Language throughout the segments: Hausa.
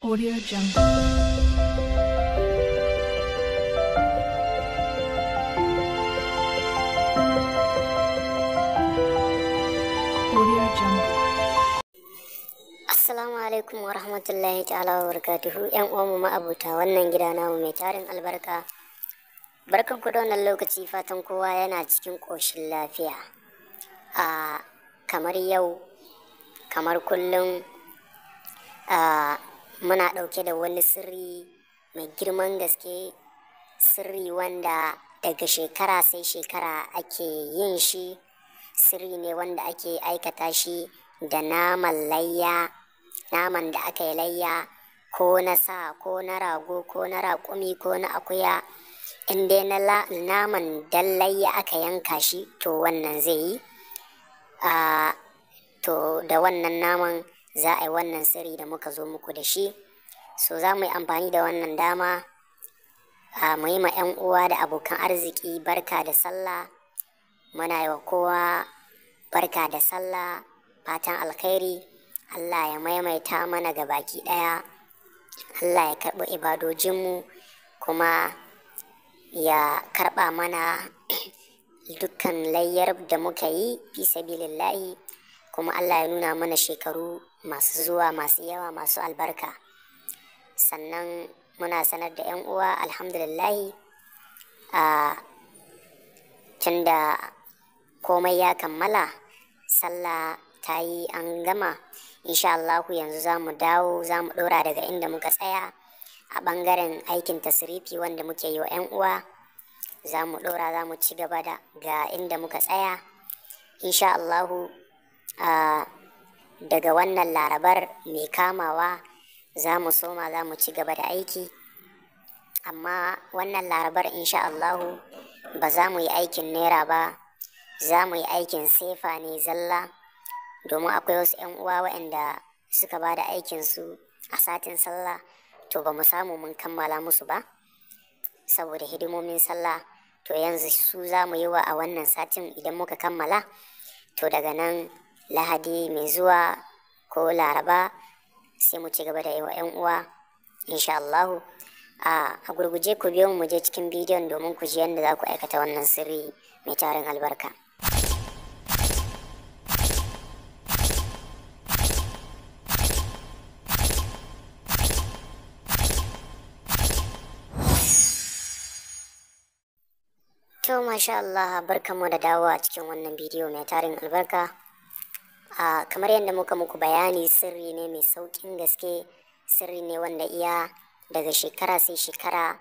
Audio Jungle. Assalamu alaikum wa rahmatullahi ta'ala wa barakatuhu ƴan uwanmu ma'abuta wannan gida namu mai tarin albarka. Barkan ku da lokaci fatan kowa yana cikin ƙoshin lafiya. A kamar yau, kamar kullum, muna ɗauke da wani sirri mai girman gaske sirri wanda daga shekara sai shekara ake yin shi sirri ne wanda ake aikata shi da naman layya naman da aka yi layya ko na sa ko na rago ko na raƙumi ko na akuya inda dai na naman layya aka yanka shi to wannan zai yi ah, to da wannan naman za a yi wannan sirri da muka zo muku da shi so za mu yi amfani da wannan dama a maima 'yan uwa da abokan arziki barka da sallah muna yi wa kowa barka da sallah fatan alkhairi allah ya maimaita mana ga baki ɗaya allah ya karɓi ibadojinmu kuma ya karɓa mana dukkan layyar da muka yi fi sabilillahi kuma allah ya nuna mana shekaru masu zuwa masu yawa masu albarka sannan muna sanar da 'yan uwa alhamdulillahi a tun da komai ya kammala sallah ta yi an gama insha Allahu yanzu za mu dawo za mu ɗora daga inda muka tsaya a ɓangaren aikin tasirifi wanda muke yi wa 'yan uwa za mu ɗora za mu ci gaba ga inda muka tsaya insha Allahu daga wannan larabar mai kamawa za mu soma za mu ci gaba da aiki amma wannan larabar insha Allahu ba za mu yi aikin naira ba za mu yi aikin sefa ne zalla domin akwai wasu 'yan uwa waɗanda suka ba da aikinsu a satin sallah to ba mu samu mun kammala musu ba saboda hidimomin sallah to yanzu su za mu yi wa a wannan satin idan muka kammala to daga nan lahadi mai zuwa ko laraba sai mu ci gaba da yi wa 'yan uwa insha Allahu a gurguje ku biyo mu je cikin bidiyon domin ku ji yadda za ku aikata wannan sirri mai tarin albarka To masha Allah barkamu da dawo a cikin wannan bidiyo mai tarin albarka kamar yadda muka muku bayani sirri ne mai saukin gaske sirri ne wanda iya daga shekara sai shekara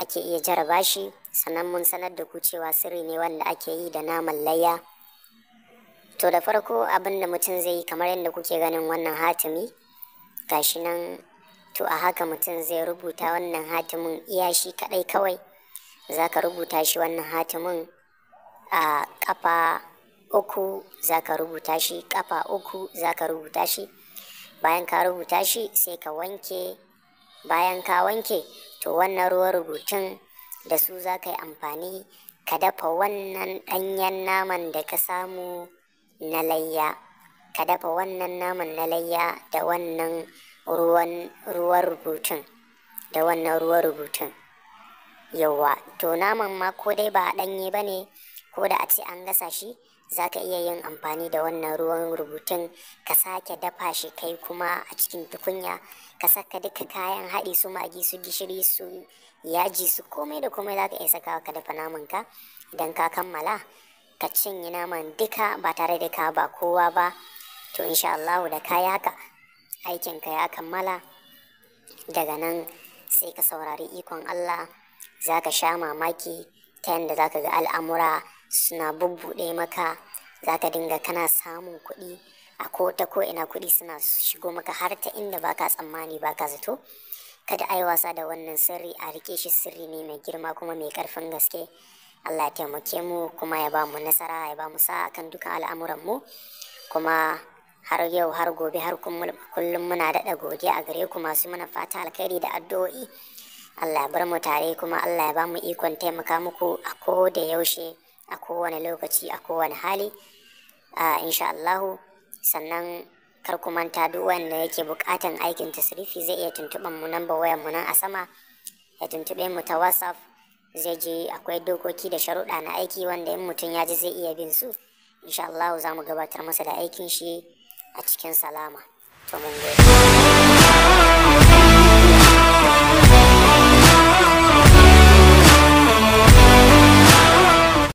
ake iya jaraba shi sannan mun sanar da ku cewa sirri ne wanda ake yi da naman layya to da farko abin da mutum zai yi kamar yadda kuke ganin wannan hatimi gashi nan to a haka mutum zai rubuta wannan hatimin iya shi kadai kawai za ka rubuta shi wannan hatimin a kafa uku za ka rubuta shi kafa uku za ka rubuta shi bayan ka rubuta shi sai ka wanke bayan ka wanke to wannan ruwan rubutun da su za ka yi amfani ka dafa wannan ɗanyen naman da ka samu na layya ka dafa wannan naman na layya da wannan ruwan rubutun da wannan ruwan rubutun yauwa to naman ma ko dai ba a ɗanye ba ne ko da a ce an gasa shi za ka iya yin amfani da wannan ruwan rubutun ka sake dafa shi kai kuma a cikin tukunya ka saka duka kayan haɗi su magi su gishiri su yaji su komai da komai za ka iya sakawa ka dafa naman ka don ka kammala ka cinye naman duka ba tare da ka ba kowa ba to insha Allah da kaya haka aikin ka ya kammala daga nan sai ka saurari ikon Allah za ka sha mamaki ta yadda za ka ga al'amura suna bubbuɗe maka za ka dinga kana samun kuɗi a ko ta ko ina kuɗi suna shigo maka har ta inda ba ka tsammani ba ka zato kada ai wasa da wannan sirri a rike shi sirri ne mai girma kuma mai karfin gaske Allah ya taimake mu kuma ya ba mu nasara ya ba mu sa'a kan duka al'amuran mu kuma har yau har gobe har kullum muna daɗa godiya a gare ku masu mana fata alkhairi da addu'o'i Allah ya bar mu tare kuma Allah ya ba mu ikon taimaka muku a ko da yaushe a kowane lokaci a kowane hali a insha Allahu sannan kar ku manta duk wanda yake bukatan aikin tasrifi zai iya tuntuban mu namba wayar mu nan a sama ya tuntube mu ta WhatsApp zai je akwai dokoki da sharuɗa na aiki wanda in mutum ya ji zai iya bin su insha Allahu za mu gabatar masa da aikin shi a cikin salama to mun gode